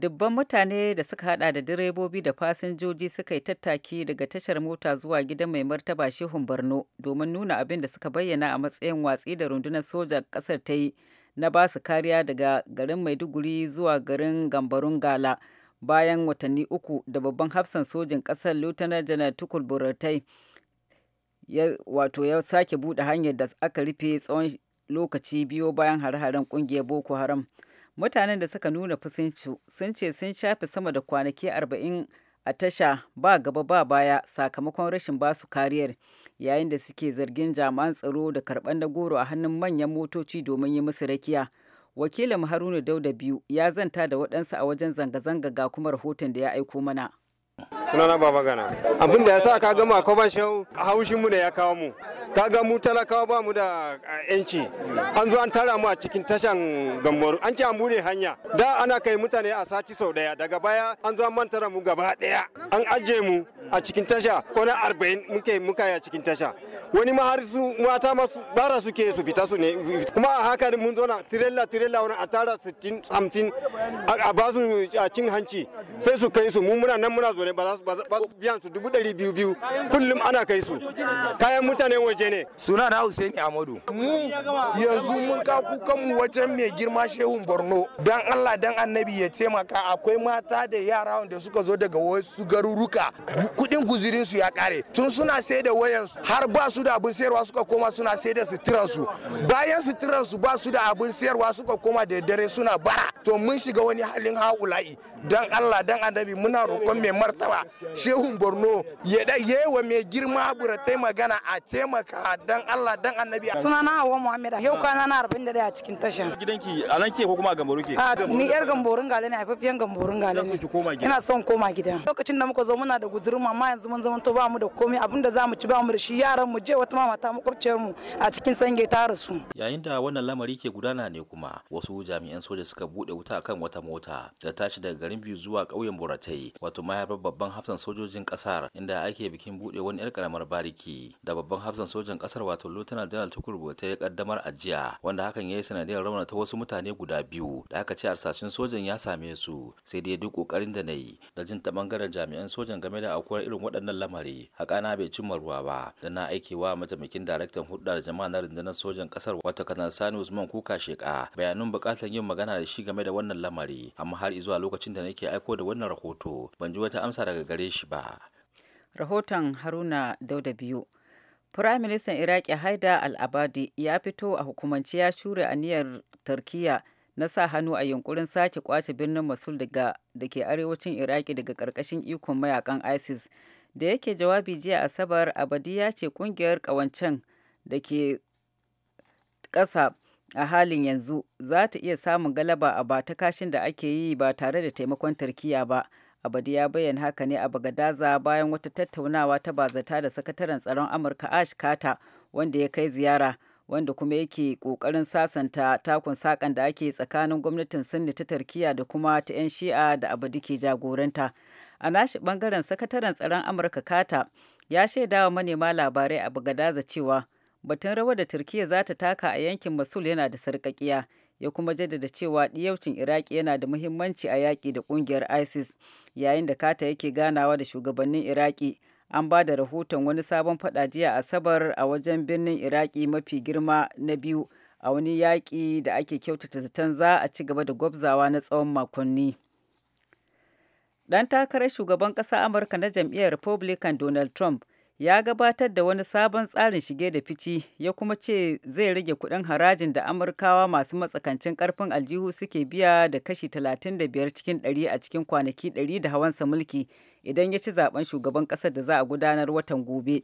dubban mutane da suka hada da direbobi da fasinjoji suka yi tattaki daga tashar mota zuwa gidan mai martaba shehun borno domin nuna abin da suka bayyana a matsayin watsi da rundunar soja kasar ta yi na ba su kariya daga garin maiduguri zuwa garin gambarun gala bayan watanni uku da babban hafsan sojin kasar lieutenant janar tukul buratai ya wato ya sake buɗe hanyar da aka rufe tsawon lokaci biyu bayan hare-haren ƙungiyar boko haram mutanen da suka nuna fusinci sun ce sun shafe sama da kwanaki arba'in a tasha ba gaba ba baya sakamakon rashin basu kariyar yayin da suke zargin jami'an tsaro da karɓar na goro a hannun manyan motoci domin yi musu rakiya wakilin haruna dauda biyu ya zanta da waɗansu a wajen zanga-zanga ga kuma rahoton da ya aiko mana sunana baba gana abin da ya sa ka gama ko ban shau haushin mu ne ya kawo mu kaga mu talakawa ba mu da yanci an zo an tara mu a cikin tashan gambaru an ce an bude hanya da ana kai mutane a sati sau daya daga baya an zo an mantara mu gaba daya an aje mu a cikin tasha ko na arba'in muke muka a cikin tasha wani ma har su mata masu bara suke su fita su ne kuma a haka mun zauna tirela tirela wani a tara sittin hamsin a ba su a cin hanci sai su kai su mu muna nan muna zaune ba su biyan su dubu ɗari biyu biyu kullum ana kai su kayan mutane waje ne suna na Hussein Amadu. mu yanzu mun ka kukan mu wajen mai girma shehun Borno dan Allah dan Annabi ya taimaka akwai mata da yara wanda suka zo daga wasu garuruka kuɗin guzirin su ya kare tun suna sai da wayan har ba su da abin sayarwa suka koma suna sai da suturansu su bayan suturansu su ba su da abin sayarwa suka koma da dare suna bara to mun shiga wani halin haula'i dan Allah dan annabi muna roƙon mai martaba Shehu Borno ya da yewa mai girma tai magana a taimaka dan Allah dan annabi n'a hawa Muhammad yau kana na da a cikin tashin gidanki a nan ke ko kuma Gamboru ke ni yar Gamborun gale ne haifafiyan Gamborun gale ne ina son koma gida lokacin da muka zo muna da guzurin ma yanzu mun zama to ba mu da komai abin da mu ci ba mu da shi yaran mu je wata mama ta makwabciyar mu a cikin sange ta rasu yayin da wannan lamari ke gudana ne kuma wasu jami'an soja suka bude wuta kan wata mota da tashi daga garin biyu zuwa ƙauyen Buratai wato mahaifar babban hafsan sojojin kasar inda ake bikin bude wani yar karamar bariki da babban hafsan sojan kasar wato Lieutenant General Tukur Bote ya kaddamar ajiya wanda hakan yayi sanadiyar raunata ta wasu mutane guda biyu da aka ce arsashin sojan ya same su sai dai duk kokarin da nayi da jin ta bangaren jami'an sojan game da aukuwar aukuwar irin waɗannan lamari na bai cimma ruwa ba da na aike wa mataimakin daraktan hudu da jama'a na rundunar sojan ƙasar wata kanar sani usman kuka sheka bayanin buƙatar yin magana da shi game da wannan lamari amma har zuwa lokacin da nake aiko da wannan rahoto ban ji wata amsa daga gare shi ba rahoton haruna dauda biyu firayim ministan Iraki Haida al-Abadi ya fito a hukumance ya shure aniyar Turkiyya na sa hannu a yunkurin sake kwace birnin Mosul daga da ke arewacin Iraki daga karkashin ikon mayakan ISIS. Da yake jawabi jiya Asabar Abadi ya ce kungiyar kawancen da ke ƙasa a halin yanzu za ta iya samun galaba a ba ta kashin da ake yi ba tare da taimakon Turkiya ba. Abadi ya bayyana haka ne a Bagadaza bayan wata tattaunawa ta bazata da sakataren tsaron Amurka Ash Carter wanda ya kai ziyara. wanda kuma yake kokarin sasanta takun saƙan da ake tsakanin gwamnatin sinni ta tarkiya da kuma ta 'yan shi'a da abu ke jagoranta a nashi bangaren sakataren tsaron amurka kata ya shaida wa manema labarai a Gadaza cewa batun rawa da turkiya za ta taka a yankin masul yana da sarƙaƙiya, ya kuma jaddada cewa diyaucin iraki yana da muhimmanci a yaƙi da ƙungiyar isis yayin da kata yake ganawa da shugabannin iraki an ba da rahoton wani sabon fada jiya asabar a wajen birnin iraki mafi girma na biyu a wani yaƙi da ake kyautata zaton za a ci gaba da gwabzawa na tsawon makonni ɗan takarar shugaban ƙasa amurka na jam'iyyar republican donald trump ya gabatar da wani sabon tsarin shige da fici ya kuma ce zai rage kuɗin harajin da amurkawa masu matsakancin karfin aljihu suke biya da kashi 35 cikin 100 a cikin kwanaki 100 da hawansa mulki idan ya ci zaben shugaban ƙasar da za a gudanar watan gobe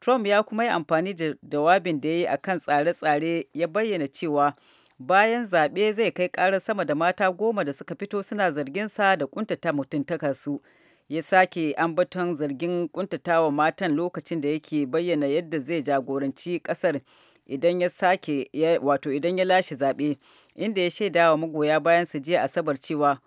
trump ya kuma yi amfani da jawabin da ya yi akan tsare-tsare ya bayyana cewa bayan zaɓe zai kai karar sama da mata goma da suka fito suna zargin sa da kuntata mutuntakarsu su ya sake ambaton zargin kuntatawa matan lokacin da yake bayyana yadda zai jagoranci kasar idan ya sake wato idan ya lashe zaɓe inda ya shaida wa magoya bayan su jiya asabar cewa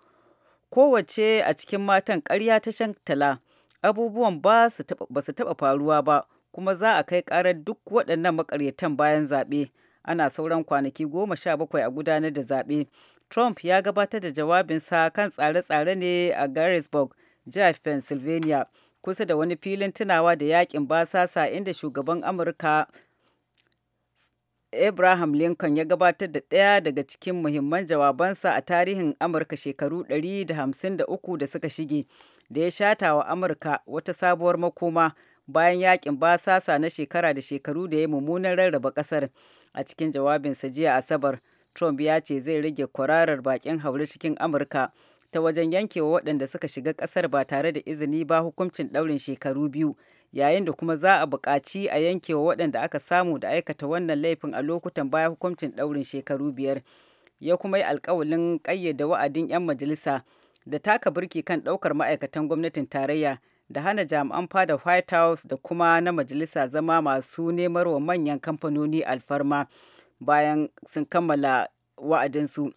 kowace a cikin matan karya ta shantala abubuwan ba su taɓa faruwa ba kuma za a kai ƙarar duk waɗannan maƙaryatan bayan zaɓe ana sauran kwanaki goma sha bakwai a gudanar da zaɓe trump ya gabatar da jawabinsa kan tsare-tsare ne a garrisburg jihar pennsylvania kusa da wani filin tunawa da yakin basasa inda shugaban amurka abraham lincoln ya gabatar da ɗaya daga cikin muhimman jawabansa a tarihin amurka shekaru 153 da suka shige da ya shata wa amurka wata sabuwar makoma bayan yakin basasa na shekara da shekaru da ya mummunan rarraba ƙasar a cikin jawabinsa jiya asabar trump ya ce zai rage kwararar bakin haure cikin amurka ta wajen yankewa waɗanda suka shiga ƙasar ba tare da izini ba hukuncin ɗaurin shekaru biyu yayin da kuma za a buƙaci a yankewa waɗanda aka samu da aikata wannan laifin a lokutan baya hukuncin ɗaurin shekaru biyar ya kuma yi alkawalin ƙayyade wa'adin 'yan majalisa da taka birki kan ɗaukar ma'aikatan gwamnatin tarayya da hana jami'an fada white house da kuma na majalisa zama masu nemar wa manyan kamfanoni alfarma bayan sun kammala wa'adinsu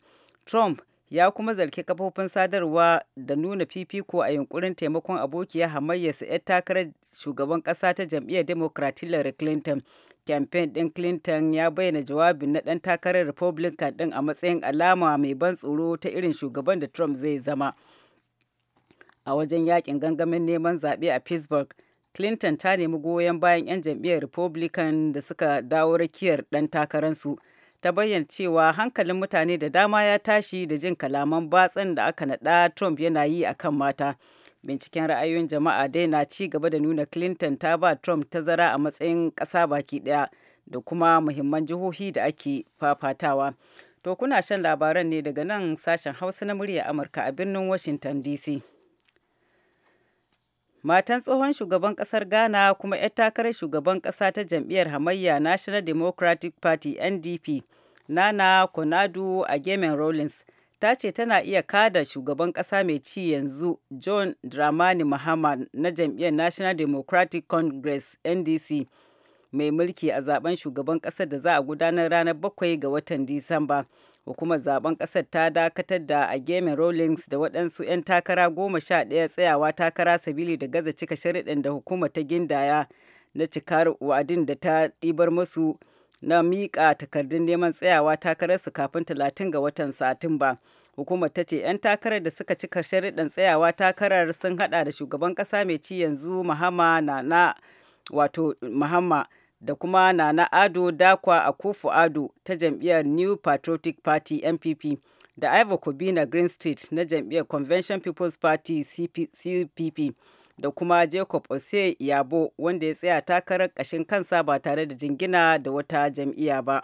trump ya kuma zarki kafofin sadarwa da nuna fifiko a yunkurin taimakon abokiya hamayyarsa 'yar takarar shugaban ƙasa ta jam'iyyar democrat hillary clinton campaign ɗin clinton ya bayyana jawabin na ɗan takarar republican ɗin a matsayin alama mai ban tsoro ta irin shugaban da trump zai zama a wajen yakin gangamin neman zaɓe a pittsburgh clinton ta nemi goyon bayan 'yan jam'iyyar republican da suka dawo rakiyar ɗan takararsu. su ta bayyana cewa hankalin mutane da dama ya tashi da jin kalaman batsan da aka naɗa Trump yana yi akan mata. Binciken ra'ayoyin jama'a dai na ci gaba da nuna Clinton ta ba Trump tazara a matsayin ƙasa baki ɗaya da kuma muhimman jihohi da ake fafatawa. To kuna shan labaran ne daga nan sashen Hausa na murya Amurka a birnin Washington DC. Matan tsohon shugaban kasar Ghana kuma 'yar takarar shugaban kasa ta jam'iyyar hamayya National Democratic Party NDP, Nana Konadu Agemen Rawlings, ta ce tana iya kada shugaban kasa mai ci yanzu John Dramani Mahama na jam'iyyar National Democratic Congress NDC mai mulki a zaben shugaban kasar da za a gudanar ranar 7 ga watan Disamba. hukumar zaben kasar ta dakatar da a game rawlings da waɗansu 'yan takara goma sha ɗaya tsayawa takara sabili da gaza cika sharaɗin da hukumar ta gindaya na cikar wa'adin da ta ɗibar masu na miƙa takardun neman tsayawa takararsu kafin talatin ga watan satumba hukumar ta ce 'yan takarar da suka cika sharaɗin tsayawa takarar sun haɗa da shugaban ƙasa mai ci yanzu mahama na na wato mahama da kuma Nana Ado Dakwa Akufo Ado ta jam'iyyar New Patriotic Party NPP da Ivo Kobina Street na jam'iyyar Convention People's Party CPP da kuma Jacob Ose Yabo wanda ya tsaya takarar ƙashin kansa ba tare da jingina da wata jam'iyya ba.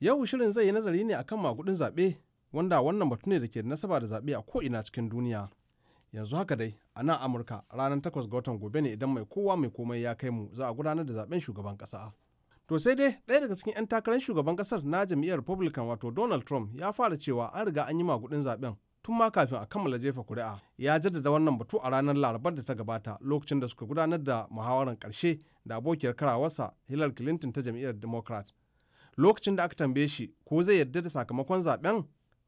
Yau shirin zai yi nazari ne akan magudin zaɓe wanda wannan batu ne da ke nasaba da zaɓe a ko'ina cikin duniya. Yanzu haka dai a nan Amurka ranar 8 ga watan gobe ne idan mai kowa mai komai ya kai mu za a gudanar da zaɓen shugaban ƙasa. To sai dai ɗaya daga cikin 'yan takarar shugaban ƙasar na jam'iyyar Republican wato Donald Trump ya fara cewa an riga an yi magudin zaɓen tun ma kafin a kammala jefa kuri'a ya jaddada wannan batu a ranar larabar da ta gabata lokacin da suka gudanar da muhawarar ƙarshe da abokiyar karawarsa Hillary Clinton ta jam'iyyar Democrat. lokacin da aka tambaye shi ko zai yarda da sakamakon zaben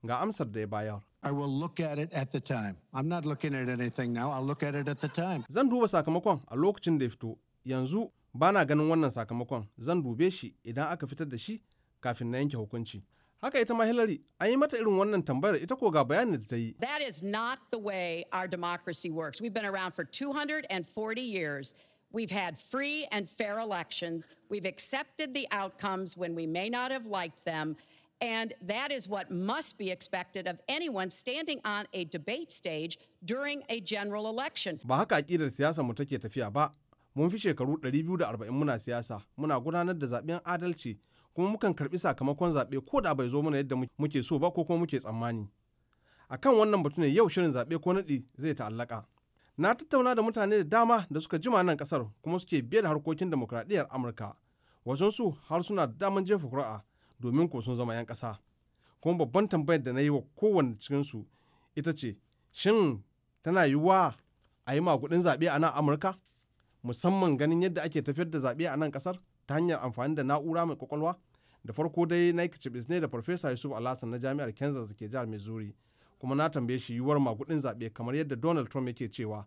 ga amsar da ya bayar. I will look at it at the time. I'm not looking at anything now. I'll look at it at the time. Zan duba sakamakon a lokacin da ya fito. Yanzu bana ganin wannan sakamakon. Zan dube shi idan aka fitar da shi kafin na yanke hukunci. Haka ita ma Hillary, an yi mata irin wannan tambayar ita ko ga bayanin da ta yi. That is not the way our democracy works. We've been around for 240 years. We've had free and fair elections. We've accepted the outcomes when we may not have liked them. And that is what must be expected of anyone standing on a debate stage during a general election. Ba haka akidar siyasa mu take tafiya ba. Mun fi shekaru 240 muna siyasa, muna gudanar da zaben adalci, kuma mukan karbi sakamakon ko da bai zo mana yadda muke so ba ko kuma muke tsammani. Akan wannan batu ne yau shirin ko zai ta'allaka. na tattauna da mutane da dama da suka jima nan kasar kuma suke biye da harkokin demokradiyyar amurka wasansu har suna da daman jefa kura'a domin ko sun zama 'yan ƙasa kuma babban tambayar da na yi wa kowane cikinsu ita ce shin tana yiwuwa a yi magudin zaɓe a nan amurka musamman ganin yadda ake tafiyar da zaɓe a nan kasar ta hanyar amfani da na'ura mai kwakwalwa da farko dai na yi ne da farfesa yusuf alhassan na jami'ar kansas da ke jihar missouri kuma na tambaye shi yiwuwar magudin zaɓe kamar yadda donald trump yake cewa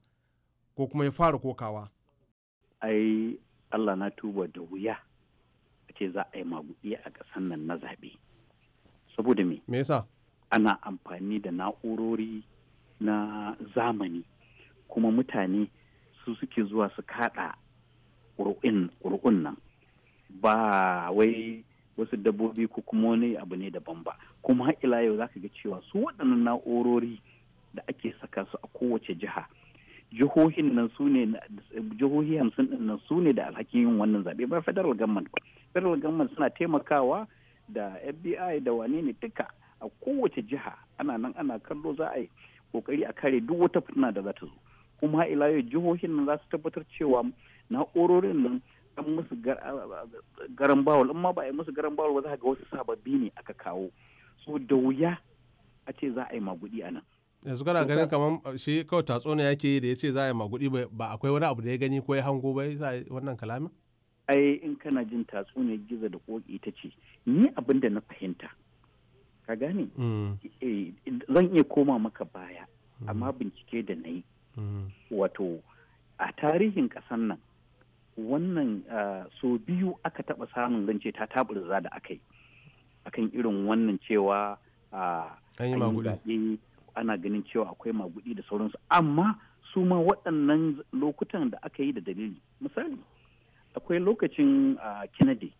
ko kuma ya fara kokawa ai allah na tuba da wuya a ce za a yi magudi a ƙasan nan na zaɓe saboda me me yasa ana amfani da na'urori na zamani kuma mutane su suke zuwa su kaɗa ƙuri'un nan ba wai wasu dabbobi ko kuma wani abu ne daban ba kuma har ila yau zaka ga cewa su waɗannan na'urori da ake saka su a kowace jiha jihohin nan su ne jihohi hamsin din nan su ne da alhakin yin wannan zaɓe ba federal government ba federal government suna taimakawa da FBI da wane ne duka a kowace jiha ana nan ana kallo za a yi kokari a kare duk wata fitina da za ta zo kuma ila yau jihohin nan za su tabbatar cewa na'urorin nan an musu garan bawul amma ba a musu garan bawul ba za ga wasu sababbi ne aka kawo so da wuya a ce za a yi magudi a nan yanzu kana ganin kamar uh, shi kawai tatsuniya yake da ya ce za a yi magudi ba akwai wani abu da ya gani ko ya hango ba ya wannan kalamin ai in kana jin tatsuniyar gizo da koki ita ce ni abin da na fahimta ka gane mm. eh, zan iya koma maka baya mm. amma bincike da na yi mm. wato a tarihin kasan nan wannan so biyu aka taɓa samun zance ta taɓurza da aka yi akan irin wannan cewa ana ganin cewa akwai magudi da sauransu amma su ma waɗannan lokutan da aka yi da dalili misali akwai lokacin kennedy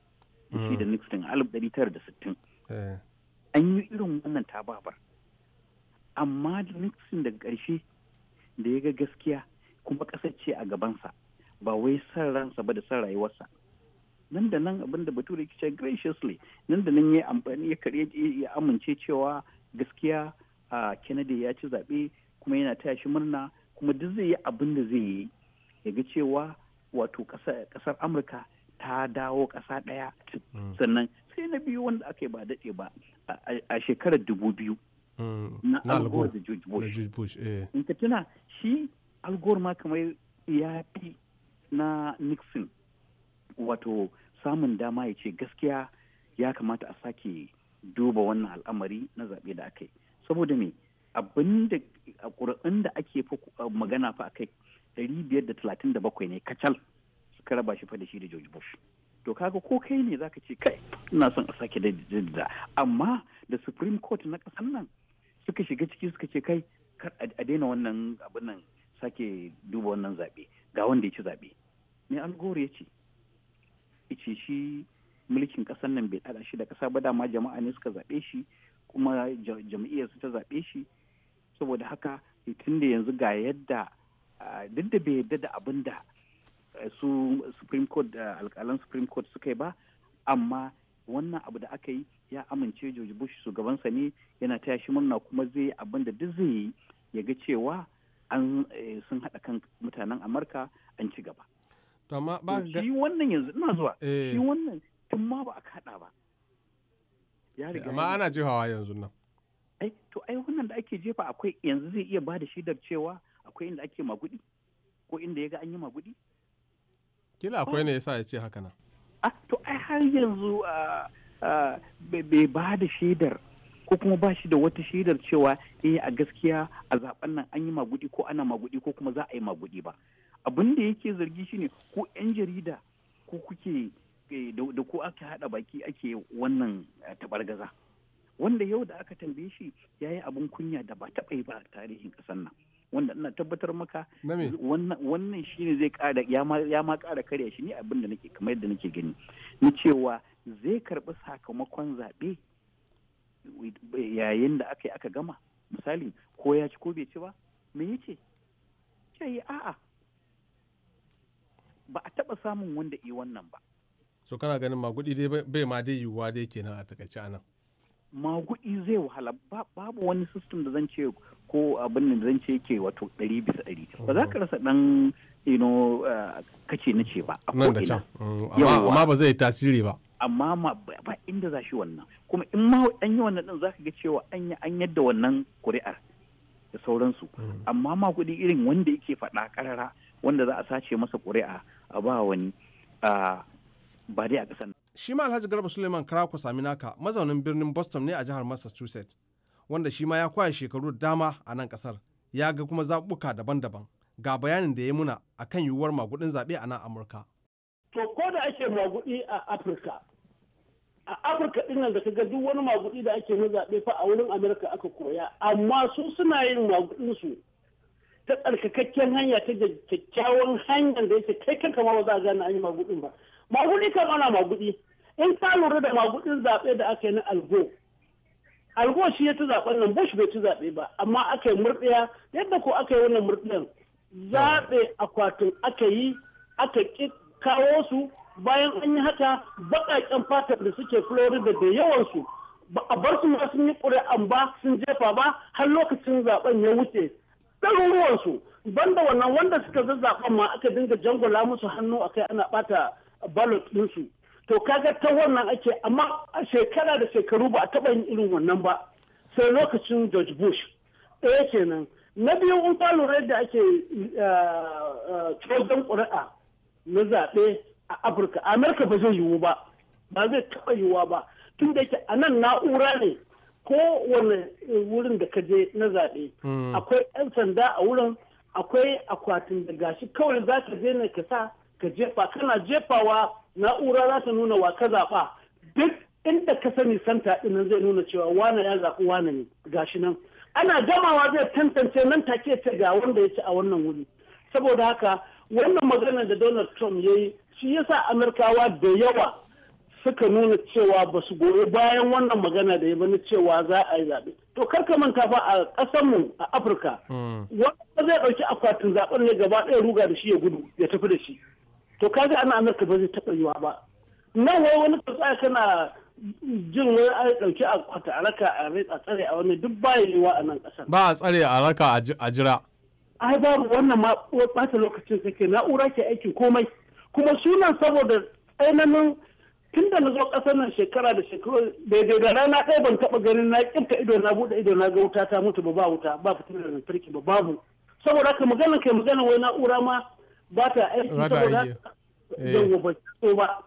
shi da mm. nixon alif ɗari tara da sittin eh. an yi irin wannan tababar amma nixon daga ƙarshe da ya ga gaskiya kuma ƙasar ce a gabansa ba wai san ransa ba da san rayuwarsa nan da nan abin da bature ke ce graciously nan da nan ya amfani ya kare ya amince cewa gaskiya a kennedy ya ci zaɓe kuma yana taya shi murna kuma duk zai yi abin da zai yi ya ga cewa wato ƙasar amurka ta dawo ƙasa ɗaya mm. sannan sai na biyu wanda aka yi ba daɗe ba a shekarar dubu biyu mm. na al da george bush eh. in ka tuna shi al ma kamar ya fi na nixon wato samun dama ya ce gaskiya ya kamata a sake duba wannan al'amari na zaɓe da aka yi saboda me abin da da ake magana fa akai ɗari biyar da talatin da bakwai ne kacal suka raba shi fa da shi da George Bush to kaga ko kai ne zaka ce kai ina son a sake da amma da Supreme Court na ƙasar nan suka shiga ciki suka ce kai a daina wannan abin nan sake duba wannan zaɓe ga wanda ya ci zaɓe me algori ya ce ice shi mulkin ƙasar nan bai ɗada shi da ƙasa ba dama jama'a ne suka zaɓe shi kuma jam'iyyar su ta zaɓe shi saboda haka tun da yanzu ga yadda duk da bai yadda da abin da eh, su supreme court da alƙalan supreme court suka yi ba amma wannan abu da aka yi ya amince George Bush shugabansa ne yana taya shi murna kuma zai yi abin da duk zai ya ga cewa an eh, sun haɗa kan mutanen Amurka an ci gaba. to amma ba ga shi wannan yanzu ina zuwa eh. shi wannan tun ma ba a kada ba ya riga amma ana jefawa yanzu nan ai to ai wannan da ake jefa akwai yanzu zai iya ba da shaidar cewa akwai inda ake magudi ko inda ya ga an yi magudi kila akwai ne yasa ya ce haka nan ah to ai har yanzu ah, ah, bai ba da shaidar ko kuma ba shi da wata shaidar cewa eh a gaskiya a zaben nan an yi magudi ko ana magudi ko kuma za a yi magudi ba abin da yake zargi shine ko 'yan jarida ko kuke eh, da ko aka hada baki ake wannan eh, tabargaza wanda yau da aka tambaye shi ya yi abin kunya da ba taɓa yi ba a tarihin ƙasar nan wanda ina tabbatar maka wannan shine zai ƙara ya ma ƙara karya shi ne abin da nake kamar yadda nake gani na cewa zai karɓi sakamakon zaɓe yayin da aka yi aka gama misali ko ya ci ko bai ci ba me yace ce a'a ba a taɓa samun wanda yi wannan ba so kana ganin magudi dai bai ma dai yiwuwa dai kenan a takaice anan magudi zai wahala babu wani system da zan ce ko abin da zan ce yake wato ɗari bisa ɗari ba za ka mhm. rasa ɗan you know eh, kace na ce ba a nan da can mm, amma ba zai tasiri ba amma ba inda za shi wannan kuma in ma an yi wannan ɗin za ka ga cewa an yadda wannan kuri'ar da sauransu mm. amma ma kuɗi irin wanda yake faɗa ƙarara wanda za a sace masa ƙuri'a a ba wani ba dai a ƙasar shi ma alhaji garba suleiman sami saminaka mazaunin birnin boston ne a jihar massachusetts wanda shi ma ya kwaya shekaru da dama a nan kasar ya ga kuma zaɓuka daban-daban ga bayanin da ya muna a kan yiwuwar magudin zaɓe a nan amurka to ko da ake magudi a afirka a afirka ɗin nan da ka duk wani magudi da ake na zaɓe fa a wurin amurka aka koya amma su suna yin magudin su ta tsarkakakken hanya ta da kyakkyawan hanyar da yake kai kanka ma ba za a gane an yi magudin ba magudi kan ana magudi in ka lura da magudin zaɓe da aka yi na algo algo shi ya ci zaɓen nan bush bai ci zaɓe ba amma aka yi murɗiya yadda ko aka yi wannan murɗiyan zaɓe akwatin aka yi aka ƙi kawo su bayan an yi haka baƙaƙen fatar da suke florida da yawan su ba a bar su ma sun yi ƙuri'an ba sun jefa ba har lokacin zaɓen ya wuce ɗaruruwansu banda wannan wanda suka zazzaɓan ma aka dinga jangula musu hannu a kai ana ɓata ballot ɗinsu to kaga ta wannan ake amma shekara da shekaru ba a taɓa yin irin wannan ba sai lokacin george bush ɗaya kenan na biyu in ka lura da ake eh, eh, cogon ƙuri'a na zaɓe a afirka amurka ba zai yiwu ba ba zai taɓa yiwuwa ba tun da yake a nan na'ura ne ko kowane wurin da ka je na zaɓe hmm. akwai 'yan sanda a wurin akwai akwatin da gashi kawai za ka je ne ka sa ka jefa kana jefawa na'ura za ta nuna wa ka zaɓa duk inda ka sani santa ɗin zai nuna cewa wane ya zaɓi wane ne gashi nan ana gamawa zai tantance nan take ce ga wanda ya ci a wannan wuri saboda haka wannan maganar da donald trump ya yi shi yasa amurkawa da yawa suka nuna cewa ba su goyi bayan wannan magana da ya bani cewa za a yi zaɓe. To kar ka manta fa a ƙasarmu a Afirka, mm. wanda zai ɗauki akwatin zaɓen ne gaba ɗaya ruga da shi ya gudu ya tafi da shi. To ga ana Amurka ba zai taɓa yiwa ba. Nan wai wani ka kana jin wani yi ɗauki akwatin araka a tsare a wani duk ba yiwa a nan ƙasar. Ba a tsare a raka a jira. Ai babu wannan ma ɓata lokacin sake na'ura ke aikin komai. Kuma sunan saboda tsananin tun da na zo ƙasar nan shekara da shekaru daidai da rana ɗaya ban taɓa ganin na ƙirka ido na buɗe ido na ga wuta ta mutu ba ba wuta ba fitar da lantarki ba babu saboda haka magana kai magana wai na'ura ma ba ta aiki saboda eh. yawa ba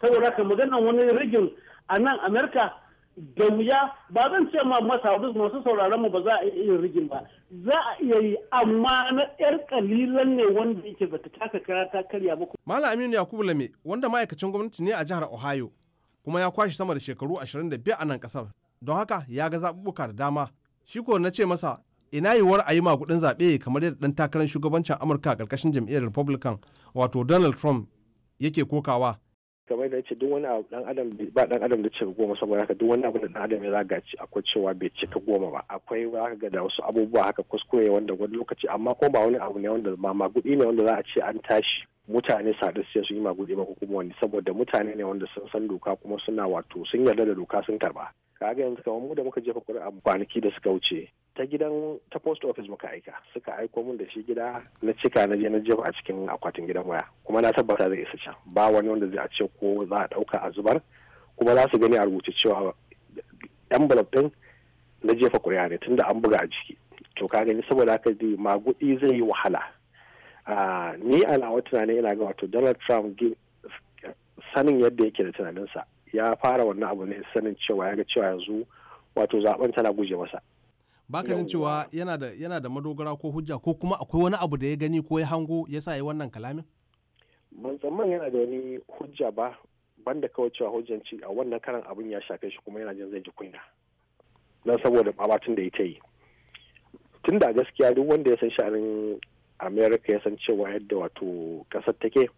saboda haka magana wani rigin a nan amerika da wuya ba zan ce ma masa masu sauraron mu ba za a iya rigin ba za a iya yi amma na yar kalilan ne wanda yake bata taka kara ta karya ba Malam Aminu Yakubu Lame wanda ma'aikacin gwamnati ne a jihar Ohio kuma ya kwashe sama da shekaru 25 a nan kasar don haka ya ga zaɓuɓɓuka da dama shi ko na ce masa ina yiwuwar a yi maguɗin zaɓe kamar yadda ɗan takarar shugabancin Amurka a ƙarƙashin jam'iyyar Republican wato Donald Trump yake kokawa kamar da yace duk wani abu dan adam ba dan adam da cika goma saboda haka duk wani abu da dan adam ya zagaci akwai cewa bai cika goma ba akwai zaka ga da wasu abubuwa haka kuskure wanda wani lokaci amma ko ba wani abu ne wanda ma magudi ne wanda za a ce an tashi mutane sadu sai su yi magudi ba ko kuma wani saboda mutane ne wanda sun san doka kuma suna wato sun yarda da doka sun karba kaga yanzu kamar mu da muka jefa kuri'a kwanaki da suka wuce ta gidan ta post office muka aika suka aiko mun da shi gida na cika na je na jefa a cikin akwatin gidan waya kuma na tabbata zai isa can ba wani wanda zai a ce ko za a dauka a zubar kuma za su gani a rubuce cewa yan din na jefa kuri'a ne tunda an buga a jiki to ka gani saboda haka dai magudi zai yi wahala ni a nawa tunanin ina ga wato donald trump sanin yadda yake da tunaninsa ya fara wannan abu ne sanin cewa ya ga cewa yanzu wato zaben tana guje masa baka jin cewa yana da madogara ko hujja ko kuma akwai wani abu da ya gani ko ya hango ya sa yi wannan kalamin ban tsamman yana da wani hujja ba banda kawai cewa hujjanci a wannan karan abin ya shafe shi kuma yana jin zai ji kunya na saboda babatun da ya ta yi tun da gaskiya duk wanda ya san sha'anin america ya san cewa yadda wato kasar take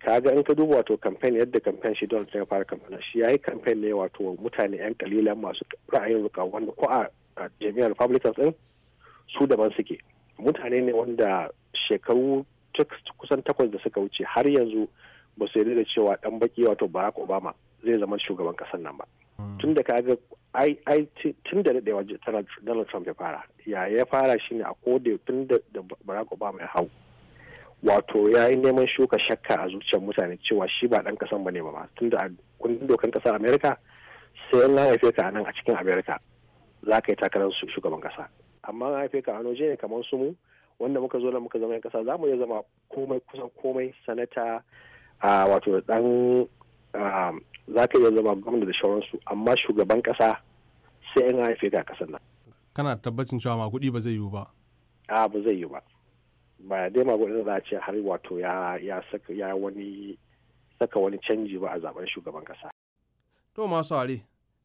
kaga in ka duba wato kamfen yadda kamfen shi Donald ya fara kamfen shi yayi kamfen ne wato mutane yan kalilan masu ra'ayin ruka wanda ko a jami'ar Republicans din su daban suke mutane ne wanda shekaru kusan takwas da suka wuce har yanzu ba su yarda da cewa dan baki wato Barack Obama zai zama shugaban kasar nan ba hmm. tun da kaga ai tun da daɗewa Donald Trump ya fara ya ya fara shine a kode tun da Barack Obama ya hau wato ya yi neman shuka shakka a zuciyar mutane cewa shi ba ɗan kasan bane ba tun da kundin dokan ƙasar amerika sai in haife ka a nan a cikin amerika za ka yi takarar shugaban ƙasa amma an haife ka a noje ne kamar su mu wanda muka zo na muka zama 'yan ƙasa za mu iya zama komai kusan komai sanata a wato ɗan za ka iya zama gwamna da shauransu amma shugaban ƙasa sai in haife ka a ƙasar nan. kana tabbacin cewa ma kuɗi ba zai yiwu ba. a ba zai yiwu ba. ba ya dai magudin za a ce har wato ya saka wani saka wani canji ba a zaben shugaban kasa to masu ware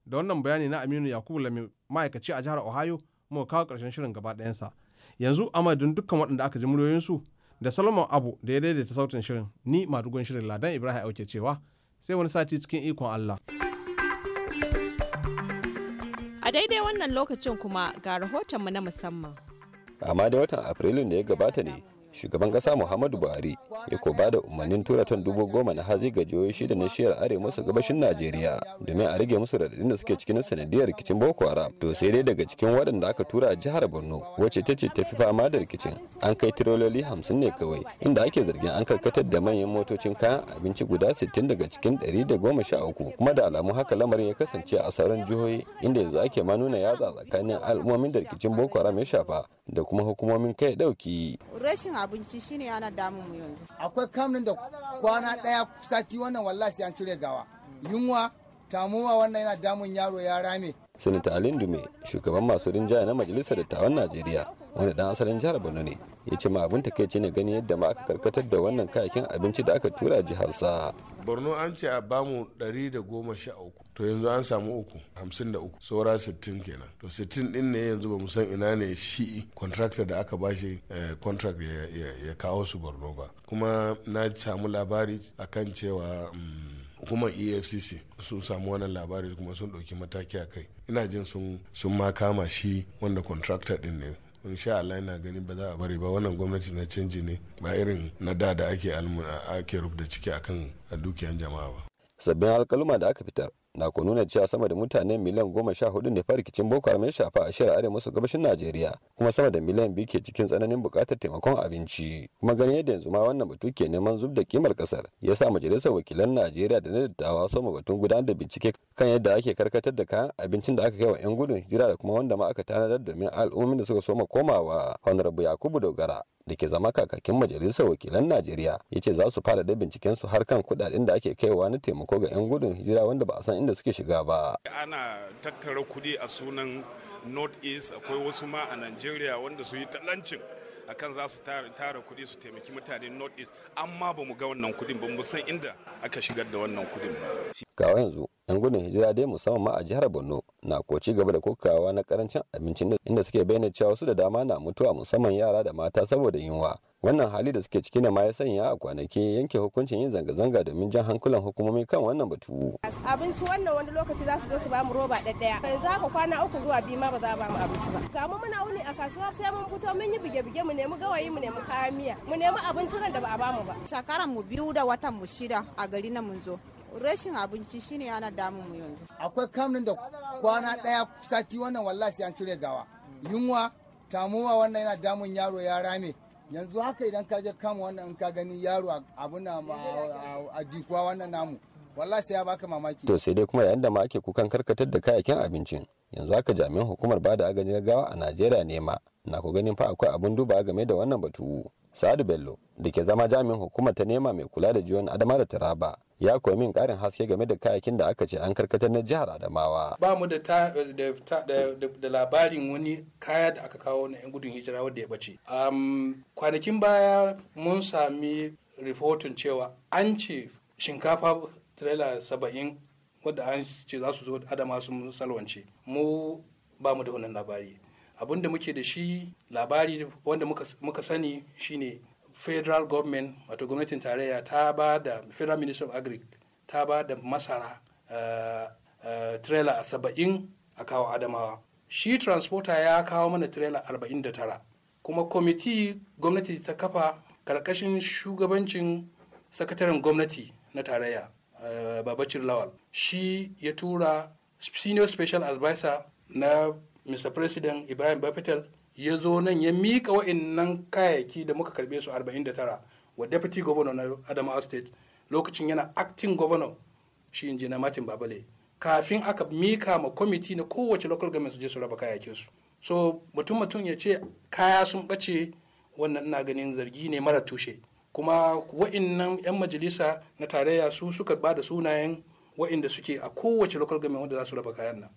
da wannan bayani na Aminu Yakubu Lami ma'aikaci a jihar Ohio mu kawo karshen shirin gaba ɗayansa yanzu amadin dukkan waɗanda aka ji muryoyinsu da salomon Abu da ya daidaita sautin shirin ni madugon shirin Ladan Ibrahim Auke cewa sai wani sati cikin ikon Allah. A daidai wannan lokacin kuma ga rahotonmu na musamman. amma da watan afrilun da ya gabata ne shugaban kasa muhammadu buhari ya ko ba da umarnin tura ton dubu goma na hazi ga jihohi shida na shiyar arewa masu gabashin najeriya domin a rage musu radadin da suke cikin sanadiyar rikicin boko haram to sai dai daga cikin waɗanda aka tura a jihar borno wacce ta ce ta fi fama da rikicin an kai tirololi hamsin ne kawai inda ake zargin an karkatar da manyan motocin kayan abinci guda sittin daga cikin ɗari da goma sha uku kuma da alamu haka lamarin ya kasance a sauran jihohi inda yanzu ake ma nuna yatsa tsakanin al'ummomin da rikicin boko haram ya shafa da kuma hukumomin kai dauki rashin abinci shine yana damun mu yanzu akwai kamnin da kwana daya sati wannan wallahi an cire gawa yunwa tamuwa wannan yana damun yaro ya rame sanata alindume shugaban masu rinjaya na majalisar dattawan najeriya wani dan asalin jihar borno ne ya ce ma abin takaici ne gani yadda ma aka karkatar da wannan kayakin abinci da aka tura jihar sa borno an ce a bamu 113 to yanzu an samu uku 53 saura 60 kenan to sittin din ne yanzu ba mu san ina ne shi contractor da aka bashi eh, contract ya kawo su borno ba kuma na samu labari akan cewa mm, hukumar efcc sun samu wannan labari kuma sun ɗauki mataki a kai ina jin sun ma kama shi wanda contractor din ne insha Allah yana ganin ba za a bari ba wannan gwamnati na canji ne ba irin na da da ake ake rubuta ciki akan dukiyan jama'a ba sabbin alkaluma da aka fitar na ko nuna cewa sama da mutane miliyan goma sha hudu ne rikicin boko haram ya shafa a shirar arewa maso gabashin najeriya kuma sama da miliyan biyu ke cikin tsananin buƙatar taimakon abinci kuma ganin yadda yanzu ma wannan batu ke neman zub da kimar ƙasar ya sa majalisar wakilan najeriya da na dattawa soma batun gudanar da bincike kan yadda ake karkatar da kayan abincin da aka kai wa 'yan gudun hijira da kuma wanda ma aka tanadar domin al'ummomin da suka soma komawa honorable yakubu dogara da ke zama kakakin majalisar wakilan najeriya ya ce za su fara da binciken su har kan kudaden da ake kaiwa na taimako ga 'yan gudun hijira wanda ba a san inda suke shiga ba ana tattara kudi a sunan north east akwai wasu ma a najeriya wanda su yi talancin akan za su tara kuɗi su taimaki mutane north east amma ba mu ga wannan kudin ba mu san inda aka shigar da wannan kudin ba kawo yanzu yan gudun hijira dai musamman ma a jihar borno na ko ci gaba da kokawa na karancin abincin inda suke bayyana cewa wasu da dama na mutuwa musamman yara da mata saboda yunwa wannan hali da suke ciki na ma ya sanya a kwanaki yanke hukuncin yin zanga-zanga domin jan hankulan hukumomi kan wannan batu abinci wannan wani lokaci za su zo su bamu roba ɗaya yanzu haka kwana uku zuwa biyu ma ba za a bamu abinci ba ga mu muna wuni a kasuwa sai mun fito mun yi bige-bige mu nemi gawayi mu nemi kayan miya mu nemi abincin da ba a ba mu ba shakaran mu biyu da watan mu shida a gari na mun zo rashin abinci shine yana damun mu yanzu akwai kamun da kwana daya sati wannan wallahi sai an cire gawa yunwa tamuwa wannan yana damun yaro ya rame yanzu haka idan ka je kama wannan in ka gani yaro abun na a jikuwa wannan namu wallahi sai ya baka mamaki to sai dai kuma yayin da ma ake kukan karkatar da kayakin abincin yanzu haka jami'an hukumar bada agajin gawa a Najeriya ne ma na ku ganin fa akwai abun duba game da wannan batu Sa'adu Bello da ke zama jami'in hukumar ta nema mai kula da jiyon Adama da Taraba ya komi min karin haske game da kayakin da aka ce an karkatar na jihar Adamawa. Ba mu da, labarin wani kaya da aka kawo na 'yan gudun hijira wadda ya bace. kwanakin baya mun sami rifotin cewa an ce shinkafa trela saba'in wadda an ce za su zo adama sun salwance. Mu ba mu da wannan labari. Abin da muke da shi labari wanda muka sani shine federal government wato gwamnatin tarayya ta ba da federal ministry of agric ta ba da masara uh, uh, trailer a saba'in a kawo adamawa shi transporter ya kawo mana trailer arba'in da tara kuma kwamiti gwamnati ta kafa karkashin shugabancin sakataren gwamnati na tarayya uh, eh, babacin lawal shi ya tura senior special advisor na mr president ibrahim bafetel ya zo nan ya miƙa wa'annan kayayyaki da muka karbe su 49 wa deputy governor na adamawa state lokacin yana acting governor shi injina martin babale kafin aka mika ma kwamiti na kowace local government su je su raba kayayyakin su so mutum mutum ya ce kaya sun bace wannan ina ganin zargi ne mara tushe kuma wa'annan 'yan majalisa na tarayya su suka bada da sunayen wa'inda suke a kowace local government wanda za su raba kayan nan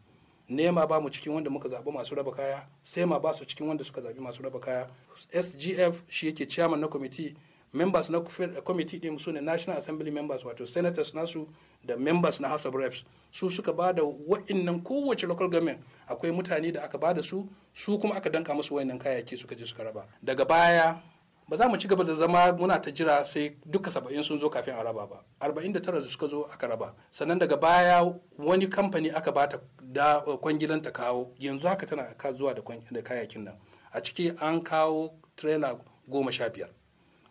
nema ba mu cikin wanda muka zaɓi masu raba kaya sema ba su cikin wanda suka zaɓi masu raba kaya sgf shi yake chairman na kwamiti members na kwamiti ɗin su ne national assembly members wato senators nasu da members na house of reps su suka ba da wa'innan kowace local government akwai mutane da aka ba da su su kuma aka danka musu wa'innan kayayyaki suka je suka raba daga baya ba za mu ci gaba da zama muna ta jira sai duka saba'in sun zo kafin a raba ba arba'in da tara da suka zo aka raba sannan daga baya wani kamfani aka bata da eh, kwangilan ta kawo yanzu haka tana ka zuwa da kayayyakin nan a ciki an kawo tirela goma sha biyar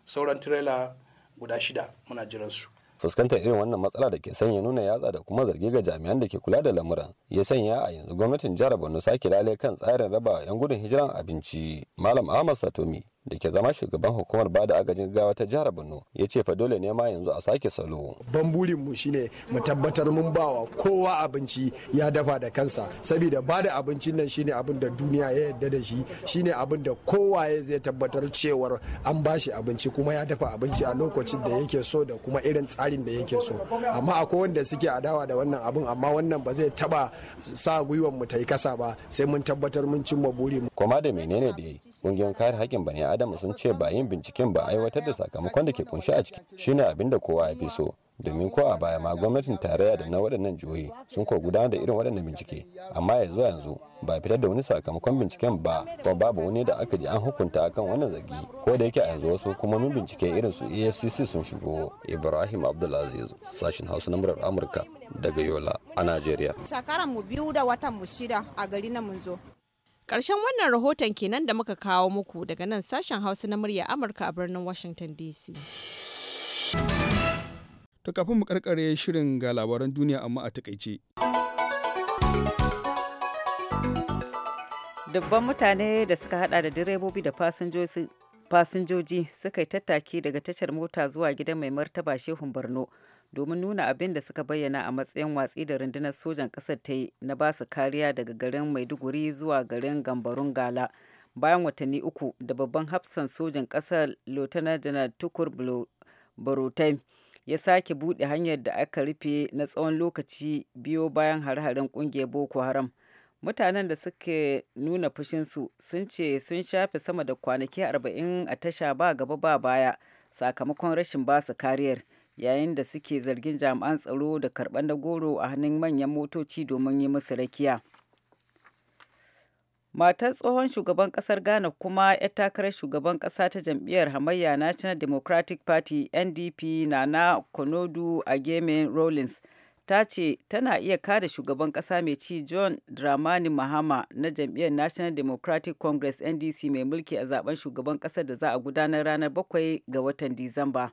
sauran tirela guda shida muna jiran su fuskantar irin wannan matsala da ke sanya nuna yatsa da kuma zargi ga jami'an da ke kula da lamuran ya sanya a yanzu gwamnatin jihar borno sake lalai kan tsarin raba 'yan gudun hijiran abinci malam ahmad satomi da ke zama shugaban hukumar ba da agajin gawa ta jihar borno ya ce fa dole ne ma yanzu a sake salo ban burin mu shine mu tabbatar mun bawa kowa abinci ya dafa da kansa saboda ba da abincin nan shine abin da duniya ya yarda da shi shine abin da kowa ya zai tabbatar cewar an bashi abinci kuma ya dafa abinci a lokacin da yake so da kuma irin tsarin da yake so amma akwai wanda suke adawa da wannan abin amma wannan ba zai taba sa gwiwar mu ta yi kasa ba sai mun tabbatar mun cimma burin mu kuma da menene da kungiyar kare haƙƙin bani adamu sun ce ba yin binciken ba aiwatar da sakamakon da ke kunshi a ciki shine abin da kowa ya fi so domin ko a baya ma gwamnatin tarayya da na waɗannan jihohi sun ko gudanar da irin waɗannan bincike amma ya yanzu ba fitar da wani sakamakon binciken ba ko babu wani da aka ji an hukunta akan wannan zargi ko da yake a yanzu wasu hukumomin bincike irin su efcc sun shigo ibrahim abdulaziz sashin hausa na murar amurka daga yola a najeriya shekaran mu biyu da watan mu shida a gari na mun zo karshen wannan rahoton kenan da muka kawo muku daga nan sashen Hausa na murya Amurka a birnin Washington DC. To kafin mu karkare shirin ga labaran duniya amma a takaice. Dubban mutane da suka hada da direbobi da fasinjoji suka yi tattaki daga tashar mota zuwa gidan mai martaba Shehun Borno. domin nuna abin da suka bayyana a matsayin watsi da rundunar sojan ƙasar ta yi na basu kariya daga garin maiduguri zuwa garin gambarun gala bayan watanni uku da babban hafsan sojan ƙasar lieutenant general tukur barotai ya sake buɗe hanyar da aka rufe na tsawon lokaci biyo bayan hare-haren ƙungiyar boko haram mutanen da suke nuna fushinsu sun ce sun shafe sama da kwanaki arba'in a tasha ba gaba ba baya sakamakon rashin basu kariyar yayin da suke zargin jami'an tsaro da karban na goro a hannun manyan motoci domin yi musu rakiya. Matar tsohon shugaban kasar Ghana kuma 'yar takarar shugaban ƙasa ta jam'iyyar hamayya National Democratic Party NDP na na Konodu Ageme Rawlings ta ce tana iya kada shugaban ƙasa mai ci John Dramani Mahama na jam'iyyar National Democratic Congress NDC mai mulki a zaben shugaban ƙasa da za a gudanar ranar 7 ga watan Disamba.